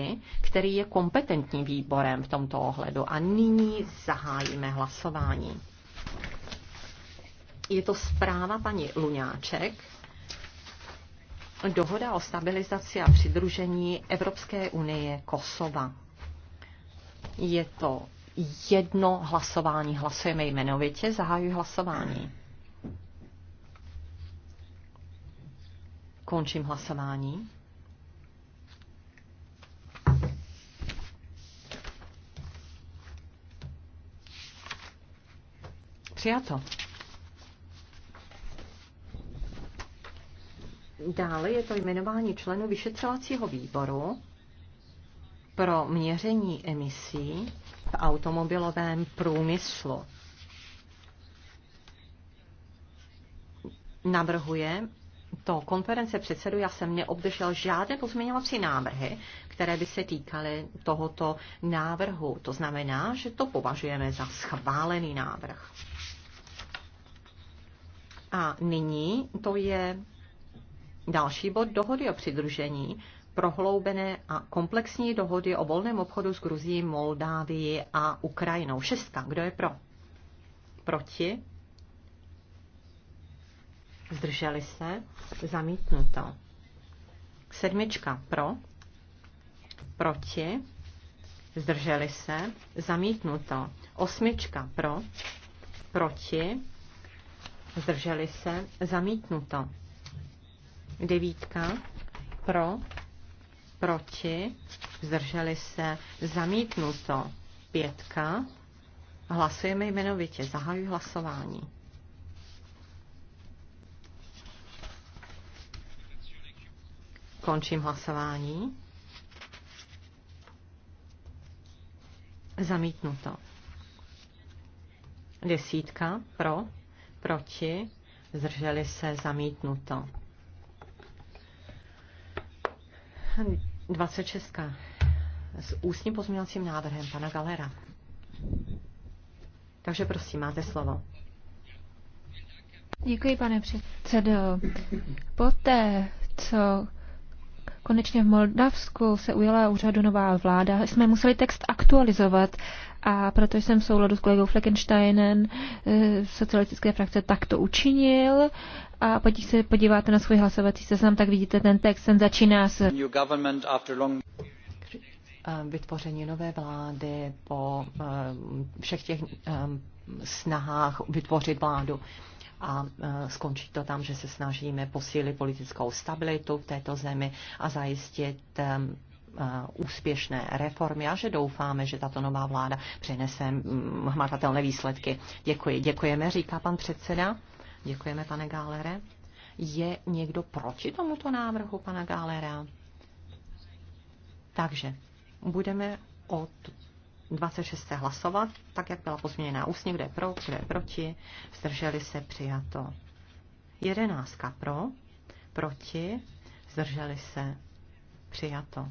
Envy, který je kompetentním výborem v tomto ohledu. A nyní zahájíme hlasování. Je to zpráva paní Luňáček, dohoda o stabilizaci a přidružení Evropské unie Kosova. Je to jedno hlasování. Hlasujeme jmenovitě. Zahájuji hlasování. Končím hlasování. Přijato. Dále je to jmenování členů vyšetřovacího výboru pro měření emisí v automobilovém průmyslu. Navrhuje to konference předsedu, já jsem neobdržel žádné pozměňovací návrhy, které by se týkaly tohoto návrhu. To znamená, že to považujeme za schválený návrh. A nyní to je další bod dohody o přidružení, prohloubené a komplexní dohody o volném obchodu s Gruzií, Moldávii a Ukrajinou. Šestka. Kdo je pro? Proti? Zdrželi se? Zamítnuto. Sedmička. Pro? Proti? Zdrželi se? Zamítnuto. Osmička. Pro? Proti? zdrželi se, zamítnuto. Devítka, pro, proti, zdrželi se, zamítnuto. Pětka, hlasujeme jmenovitě, zahajuji hlasování. Končím hlasování. Zamítnuto. Desítka pro, proti, zdrželi se zamítnuto. 26. S ústním pozměňovacím návrhem pana Galera. Takže prosím, máte slovo. Děkuji, pane předsedo. Poté, co Konečně v Moldavsku se ujela úřadu nová vláda. Jsme museli text aktualizovat a proto jsem v souladu s kolegou Fleckensteinem eh, socialistické frakce takto učinil. A když se podíváte na svůj hlasovací seznam, tak vidíte ten text, ten začíná s vytvoření nové vlády po eh, všech těch eh, snahách vytvořit vládu a e, skončí to tam, že se snažíme posílit politickou stabilitu v této zemi a zajistit e, e, úspěšné reformy a že doufáme, že tato nová vláda přinese hmatatelné výsledky. Děkuji. Děkujeme, říká pan předseda. Děkujeme, pane Gálere. Je někdo proti tomuto návrhu pana Gálera? Takže budeme o 26. hlasovat, tak jak byla pozměněná ústně, kde je pro, kde je proti, zdrželi se přijato. 11. pro, proti, zdrželi se přijato.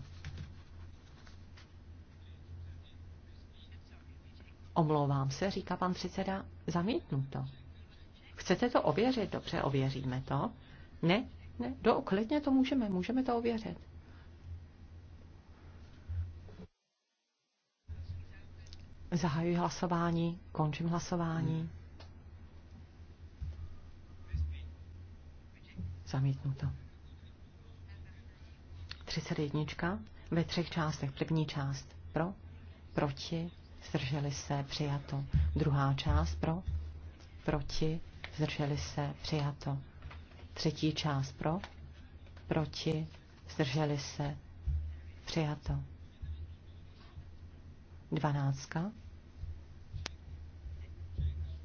Omlouvám se, říká pan předseda, to. Chcete to ověřit? Dobře, ověříme to. Ne, ne, do, klidně to můžeme, můžeme to ověřit. Zahajuji hlasování, končím hlasování. Hmm. Zamítnuto. 31. Ve třech částech. První část pro, proti, zdrželi se, přijato. Druhá část pro, proti, zdrželi se, přijato. Třetí část pro, proti, zdrželi se, přijato. Dvanáctka.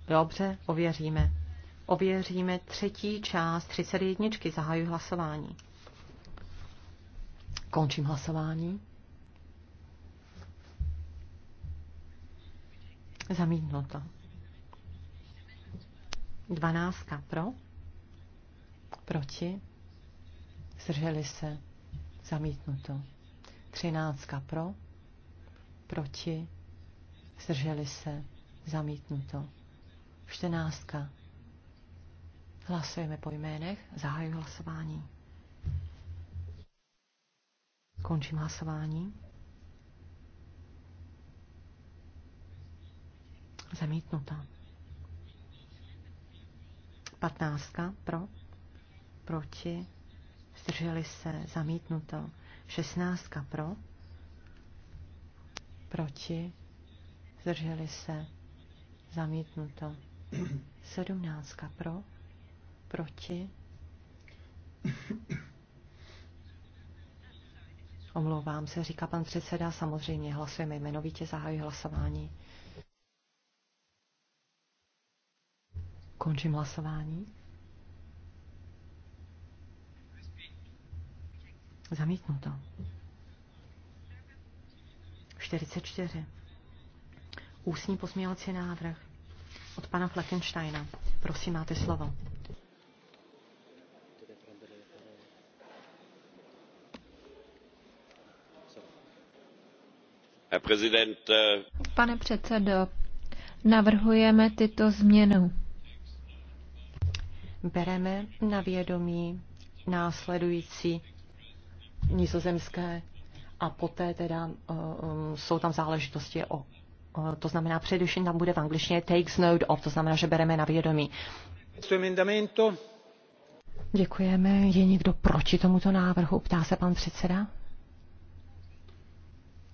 Dobře, ověříme. Ověříme třetí část 31. Zahajuji hlasování. Končím hlasování. Zamítnuto. Dvanáctka pro. Proti. Zdrželi se. Zamítnuto. Třináctka pro proti, zdrželi se, zamítnuto. Čtenáctka. Hlasujeme po jménech, zahajuji hlasování. Končím hlasování. Zamítnuta. Patnáctka pro, proti, zdrželi se, zamítnuto. Šestnáctka pro, proti, zdrželi se, zamítnuto. Sedmnáctka pro, proti, Omlouvám se, říká pan předseda, samozřejmě hlasujeme jmenovitě, zahajuji hlasování. Končím hlasování. Zamítnuto. 44. Ústní pozměňovací návrh od pana Fleckensteina. Prosím, máte slovo. Äh, Pane předsedo, navrhujeme tyto změnu. Bereme na vědomí následující nizozemské a poté teda um, jsou tam záležitosti o eh, to znamená především tam bude v angličtině takes note of, to znamená, že bereme na vědomí. Děkujeme. Je někdo proti tomuto návrhu? Ptá se pan předseda.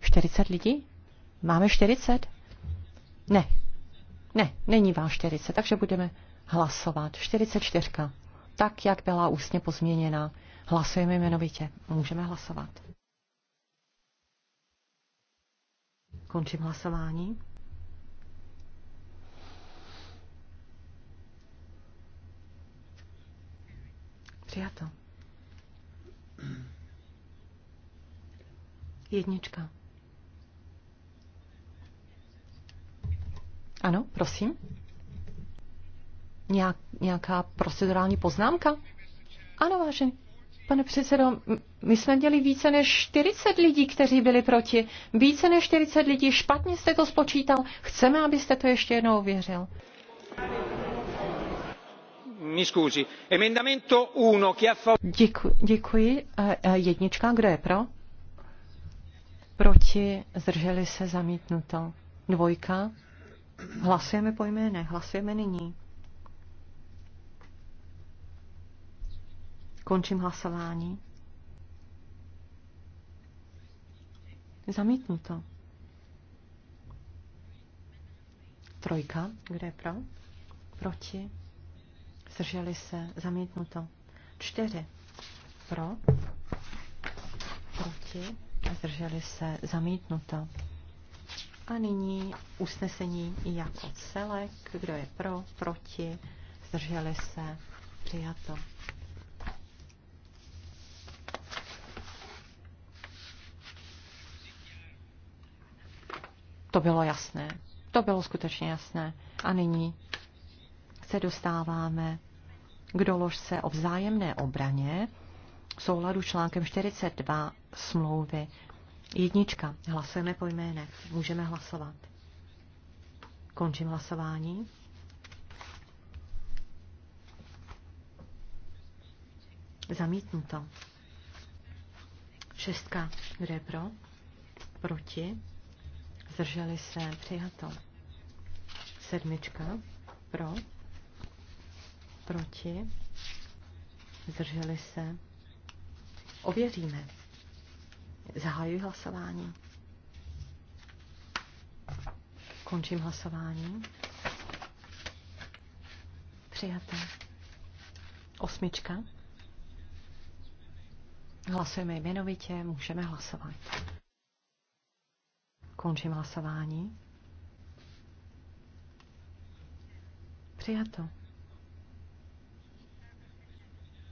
40 lidí? Máme 40? Ne. Ne, není vám 40, takže budeme hlasovat. 44. Tak, jak byla ústně pozměněna. Hlasujeme jmenovitě. Můžeme hlasovat. Končím hlasování. Přijato. Jednička. Ano, prosím. Nějak, nějaká procedurální poznámka? Ano, vážený Pane předsedo, my jsme měli více než 40 lidí, kteří byli proti. Více než 40 lidí, špatně jste to spočítal. Chceme, abyste to ještě jednou ověřil. Děkuji, děkuji. Jednička, kdo je pro? Proti, zdrželi se zamítnuto. Dvojka. Hlasujeme po jménech, hlasujeme nyní. Končím hlasování. Zamítnuto. Trojka, kde je pro? Proti. Zdrželi se. Zamítnuto. Čtyři. Pro. Proti. Zdrželi se. Zamítnuto. A nyní usnesení jako celek. Kdo je pro? Proti. Zdrželi se. Přijato. to bylo jasné. To bylo skutečně jasné. A nyní se dostáváme k doložce o vzájemné obraně v souladu článkem 42 smlouvy. Jednička. Hlasujeme po jménech. Můžeme hlasovat. Končím hlasování. Zamítnuto. Šestka. Kdo je pro? Proti? zdrželi se, přijato. Sedmička, pro, proti, zdrželi se. Ověříme. Zahajuji hlasování. Končím hlasování. Přijaté. Osmička. Hlasujeme jmenovitě, můžeme hlasovat. Končím hlasování. Přijato.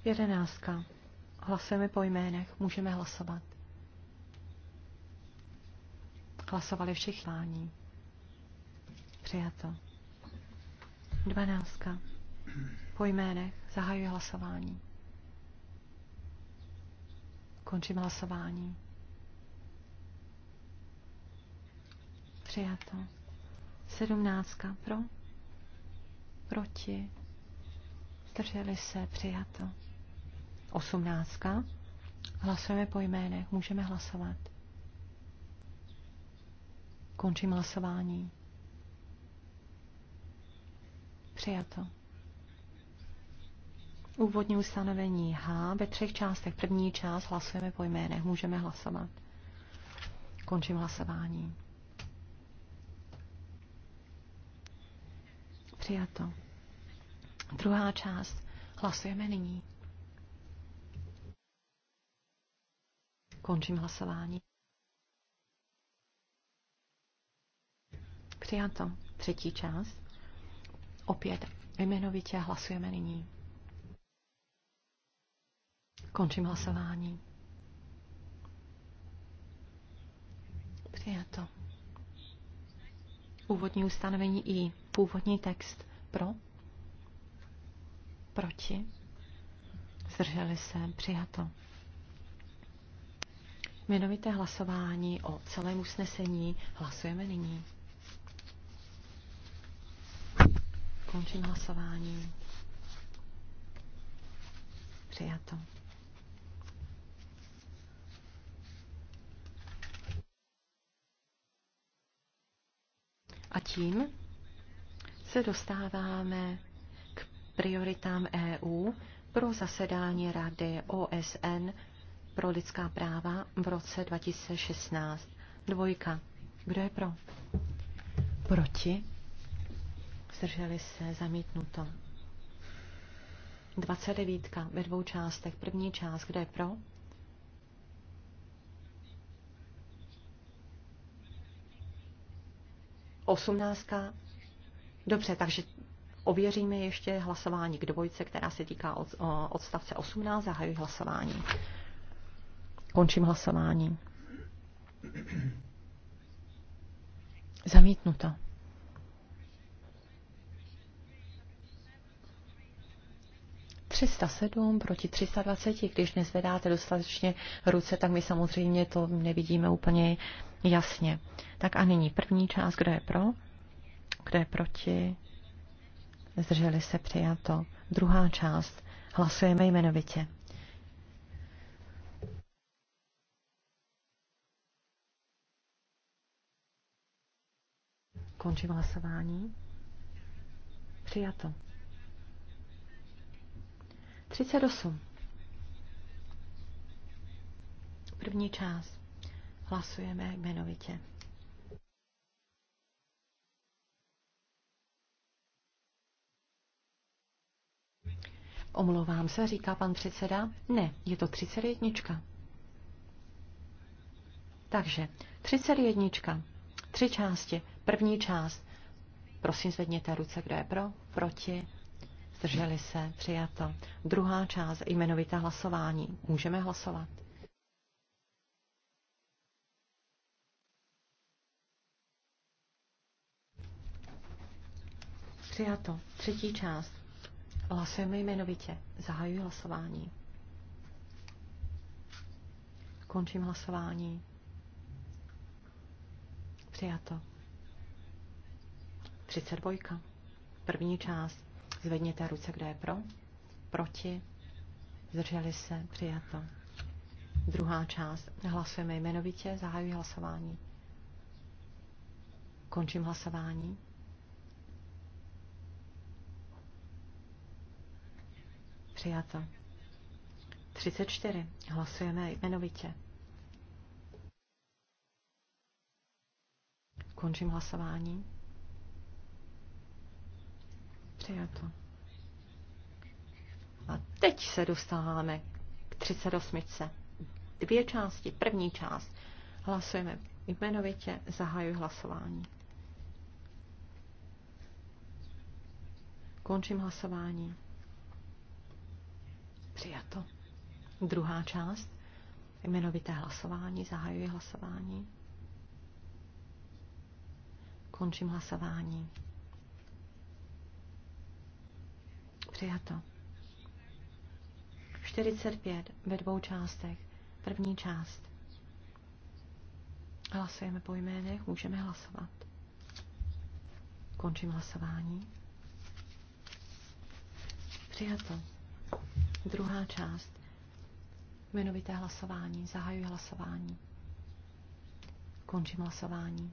Jedenáctka. Hlasujeme po jménech. Můžeme hlasovat. Hlasovali všichni. Pání. Přijato. Dvanáctka. Po jménech. Zahajuji hlasování. Končím hlasování. Přijato. Sedmnáctka pro. Proti. Zdrželi se. Přijato. Osmnáctka. Hlasujeme po jménech. Můžeme hlasovat. Končím hlasování. Přijato. Úvodní ustanovení H ve třech částech. První část hlasujeme po jménech. Můžeme hlasovat. Končím hlasování. Přijato. Druhá část. Hlasujeme nyní. Končím hlasování. Přijato. Třetí část. Opět jmenovitě hlasujeme nyní. Končím hlasování. Přijato. Úvodní ustanovení I Původní text pro, proti, zdrželi se, přijato. Jmenovité hlasování o celém usnesení hlasujeme nyní. Končím hlasování. Přijato. A tím se dostáváme k prioritám EU pro zasedání Rady OSN pro lidská práva v roce 2016. Dvojka. Kdo je pro? Proti? Zdrželi se zamítnuto. 29. ve dvou částech. První část, Kdo je pro? Osmnáctka Dobře, takže ověříme ještě hlasování k dvojce, která se týká od, odstavce 18. Zahajuji hlasování. Končím hlasování. Zamítnuto. proti 320, když nezvedáte dostatečně ruce, tak my samozřejmě to nevidíme úplně jasně. Tak a nyní první část, kdo je pro? Kdo je proti? Zdrželi se přijato. Druhá část. Hlasujeme jmenovitě. Končím hlasování. Přijato. 38. První část. Hlasujeme jmenovitě. Omlouvám se, říká pan předseda. Ne, je to 31. Takže 31. Tři části. První část. Prosím, zvedněte ruce, kdo je pro, proti, zdrželi se, přijato. Druhá část, jmenovité hlasování. Můžeme hlasovat. Přijato. Třetí část. Hlasujeme jmenovitě. Zahajuji hlasování. Končím hlasování. Přijato. 32. První část. Zvedněte ruce, kdo je pro. Proti. Zdrželi se. Přijato. Druhá část. Hlasujeme jmenovitě. Zahajuji hlasování. Končím hlasování. Přijato. 34. Hlasujeme jmenovitě. Končím hlasování. Přijato. A teď se dostáváme k 38. Dvě části. První část. Hlasujeme jmenovitě. Zahajuji hlasování. Končím hlasování. Přijato. Druhá část. Jmenovité hlasování. Zahajuji hlasování. Končím hlasování. Přijato. 45 ve dvou částech. První část. Hlasujeme po jménech, můžeme hlasovat. Končím hlasování. Přijato. Druhá část. Jmenovité hlasování. Zahajuji hlasování. Končím hlasování.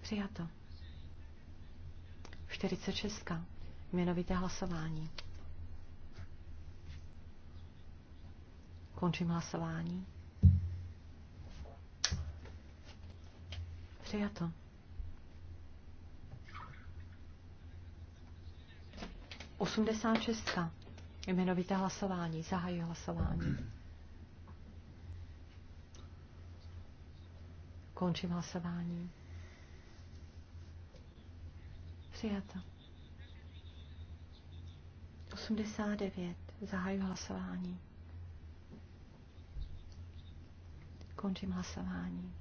Přijato. 46. Jmenovité hlasování. Končím hlasování. Přijato. 86. Jmenovité hlasování. Zahají hlasování. Končím hlasování. Přijata. 89. Zahají hlasování. Končím hlasování.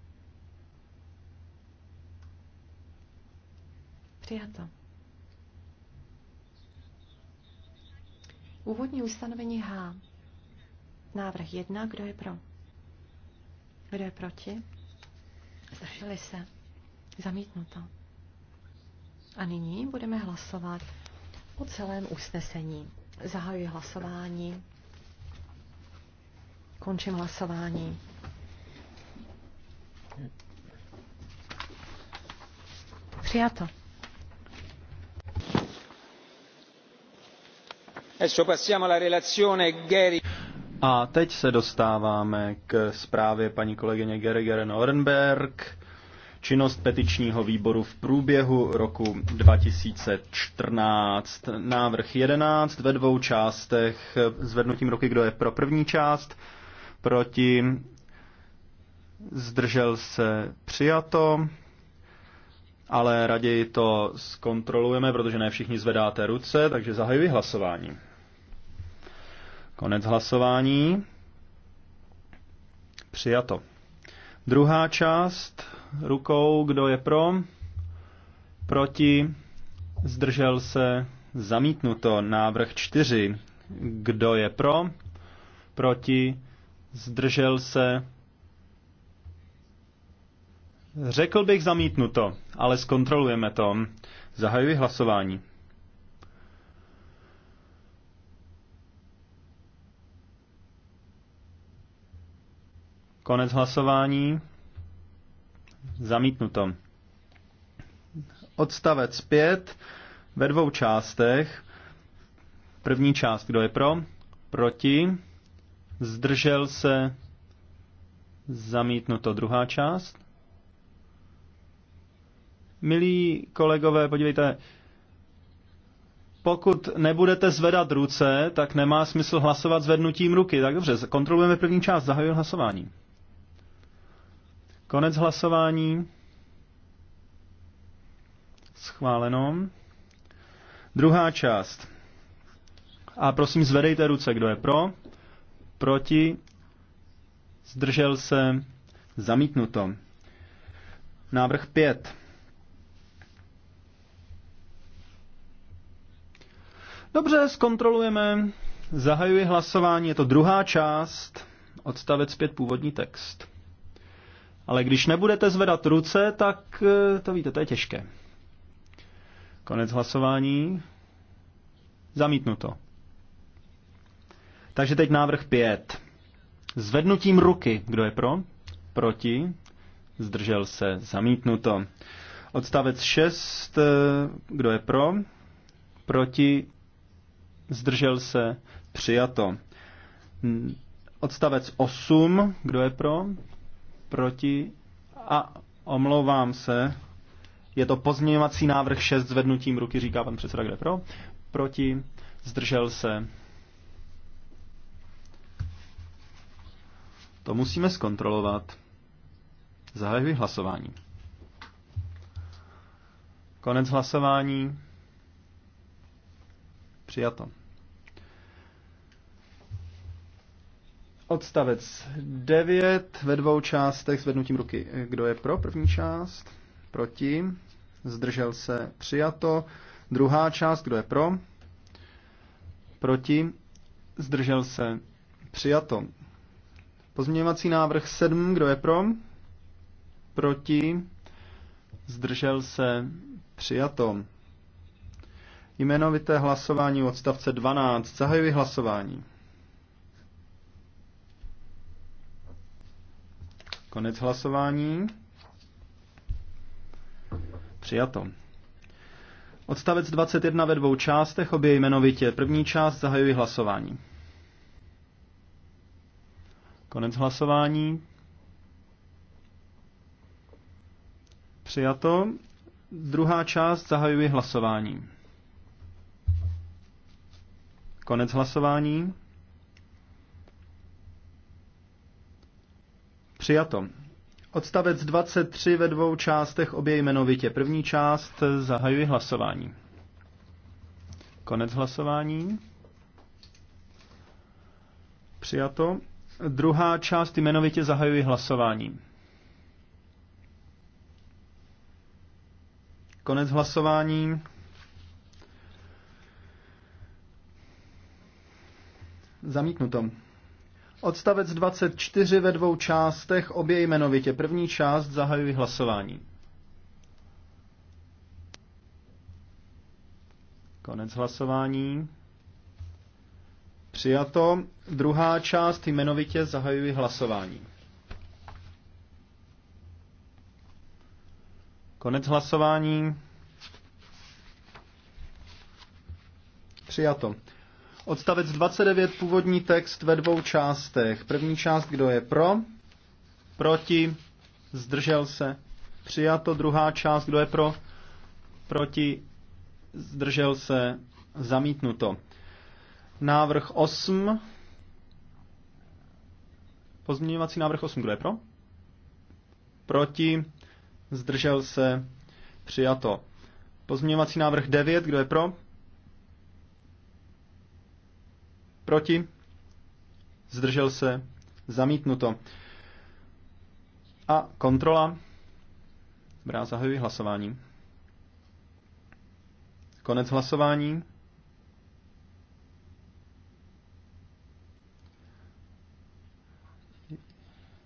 Přijato. Úvodní ustanovení H. Návrh 1. Kdo je pro? Kdo je proti? Zdrželi se. Zamítnuto. A nyní budeme hlasovat o celém usnesení. Zahajuji hlasování. Končím hlasování. Přijato. A teď se dostáváme k zprávě paní kolegyně Geriger Norenberg. Činnost petičního výboru v průběhu roku 2014. Návrh 11 ve dvou částech. Zvednutím ruky, kdo je pro první část. Proti. Zdržel se přijato ale raději to zkontrolujeme, protože ne všichni zvedáte ruce, takže zahajuji hlasování. Konec hlasování. Přijato. Druhá část rukou, kdo je pro, proti, zdržel se, zamítnuto. Návrh čtyři, kdo je pro, proti, zdržel se, řekl bych zamítnuto, ale zkontrolujeme to. Zahajuji hlasování. Konec hlasování. Zamítnuto. Odstavec 5 ve dvou částech. První část, kdo je pro? Proti. Zdržel se. Zamítnuto druhá část. Milí kolegové, podívejte, pokud nebudete zvedat ruce, tak nemá smysl hlasovat zvednutím ruky. Tak dobře, kontrolujeme první část, zahajuji hlasování. Konec hlasování. Schváleno. Druhá část. A prosím, zvedejte ruce, kdo je pro, proti, zdržel se, zamítnuto. Návrh 5. Dobře, zkontrolujeme. Zahajuji hlasování, je to druhá část, odstavec 5 původní text. Ale když nebudete zvedat ruce, tak eh, to víte, to je těžké. Konec hlasování. Zamítnuto. Takže teď návrh 5. Zvednutím ruky. Kdo je pro? Proti? Zdržel se. Zamítnuto. Odstavec 6. Eh, kdo je pro? Proti? Zdržel se. Přijato. Odstavec 8. Kdo je pro? proti a omlouvám se, je to pozměňovací návrh 6 zvednutím ruky, říká pan předseda, Grepro. proti, zdržel se. To musíme zkontrolovat. Zahajuji hlasování. Konec hlasování. Přijato. Odstavec 9 ve dvou částech vednutím ruky. Kdo je pro první část? Proti. Zdržel se přijato. Druhá část, kdo je pro? Proti. Zdržel se přijato. Pozměňovací návrh 7, kdo je pro? Proti. Zdržel se přijato. Jmenovité hlasování odstavce 12. Zahajuji hlasování. Konec hlasování. Přijato. Odstavec 21 ve dvou částech, obě jmenovitě. První část zahajuji hlasování. Konec hlasování. Přijato. Druhá část zahajuji hlasování. Konec hlasování. Přijato. Odstavec 23 ve dvou částech obě jmenovitě. První část zahajuji hlasování. Konec hlasování. Přijato. Druhá část jmenovitě zahajuji hlasování. Konec hlasování. Zamítnuto. Odstavec 24 ve dvou částech, obě jmenovitě. První část zahajuji hlasování. Konec hlasování. Přijato. Druhá část jmenovitě zahajuji hlasování. Konec hlasování. Přijato. Odstavec 29, původní text ve dvou částech. První část, kdo je pro, proti, zdržel se, přijato. Druhá část, kdo je pro, proti, zdržel se, zamítnuto. Návrh 8, pozměňovací návrh 8, kdo je pro, proti, zdržel se, přijato. Pozměňovací návrh 9, kdo je pro, Proti? Zdržel se? Zamítnuto. A kontrola. Dobrá, zahajuji hlasování. Konec hlasování.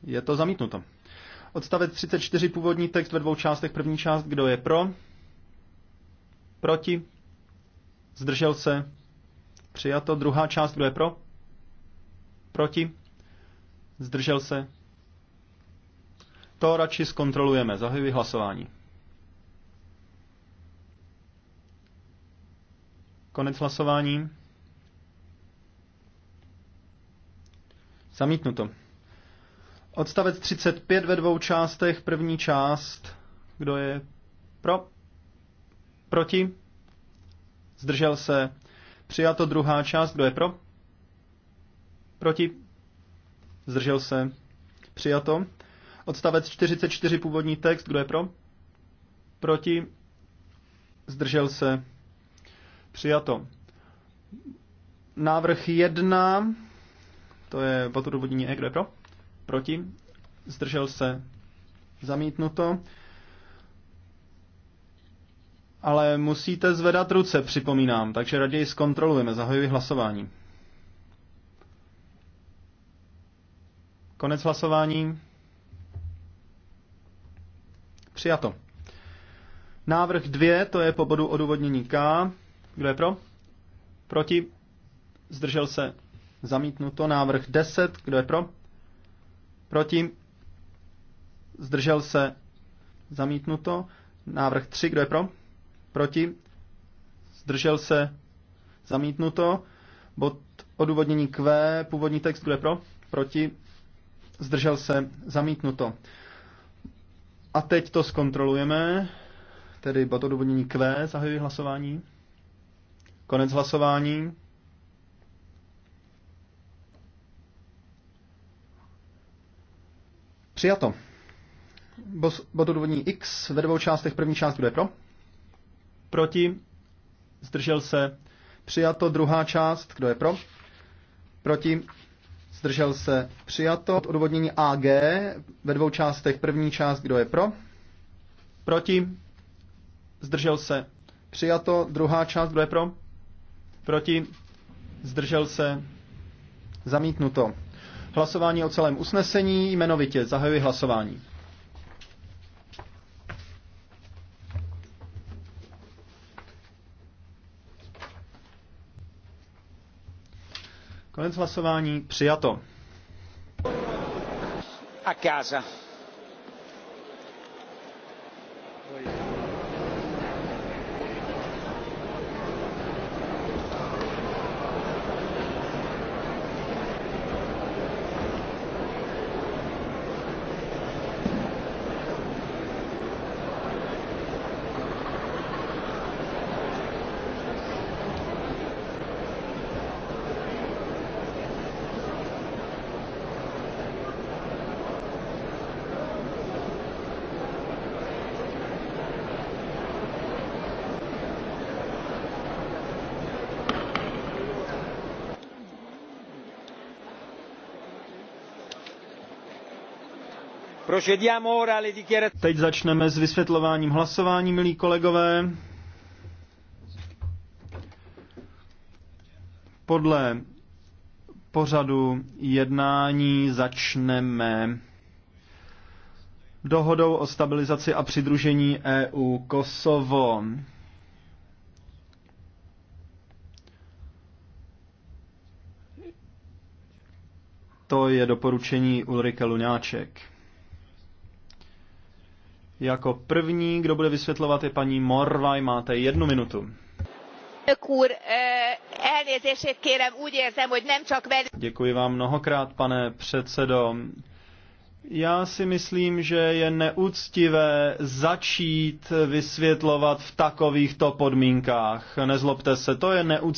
Je to zamítnuto. Odstavec 34, původní text ve dvou částech. První část, kdo je pro? Proti? Zdržel se? Přijato. Druhá část, kdo je pro? Proti? Zdržel se? To radši zkontrolujeme. Zahajuji hlasování. Konec hlasování. Zamítnuto. Odstavec 35 ve dvou částech. První část. Kdo je pro? Proti? Zdržel se? Přijato druhá část, kdo je pro? Proti? Zdržel se? Přijato. Odstavec 44 původní text, kdo je pro? Proti? Zdržel se? Přijato. Návrh 1, to je v odůvodnění E, kdo je pro? Proti? Zdržel se? Zamítnuto ale musíte zvedat ruce, připomínám, takže raději zkontrolujeme, zahajuji hlasování. Konec hlasování. Přijato. Návrh 2, to je po bodu odůvodnění K. Kdo je pro? Proti? Zdržel se? Zamítnuto. Návrh 10, kdo je pro? Proti? Zdržel se? Zamítnuto. Návrh 3, kdo je pro? proti, zdržel se, zamítnuto. Bod odůvodnění Q, původní text, kdo je pro, proti, zdržel se, zamítnuto. A teď to zkontrolujeme, tedy bod odůvodnění Q, zahajuji hlasování. Konec hlasování. Přijato. Bod odůvodnění X ve dvou částech. První část, kdo je pro? Proti? Zdržel se? Přijato druhá část. Kdo je pro? Proti? Zdržel se? Přijato. Odvodnění AG ve dvou částech. První část. Kdo je pro? Proti? Zdržel se? Přijato. Druhá část. Kdo je pro? Proti? Zdržel se? Zamítnuto. Hlasování o celém usnesení jmenovitě. Zahajuji hlasování. Konec hlasování přijato. A casa. Teď začneme s vysvětlováním hlasování, milí kolegové. Podle pořadu jednání začneme dohodou o stabilizaci a přidružení EU Kosovo. To je doporučení Ulrike Luňáček. Jako první, kdo bude vysvětlovat, je paní Morvaj. Máte jednu minutu. Děkuji vám mnohokrát, pane předsedo. Já si myslím, že je neúctivé začít vysvětlovat v takovýchto podmínkách. Nezlobte se, to je neúctivé.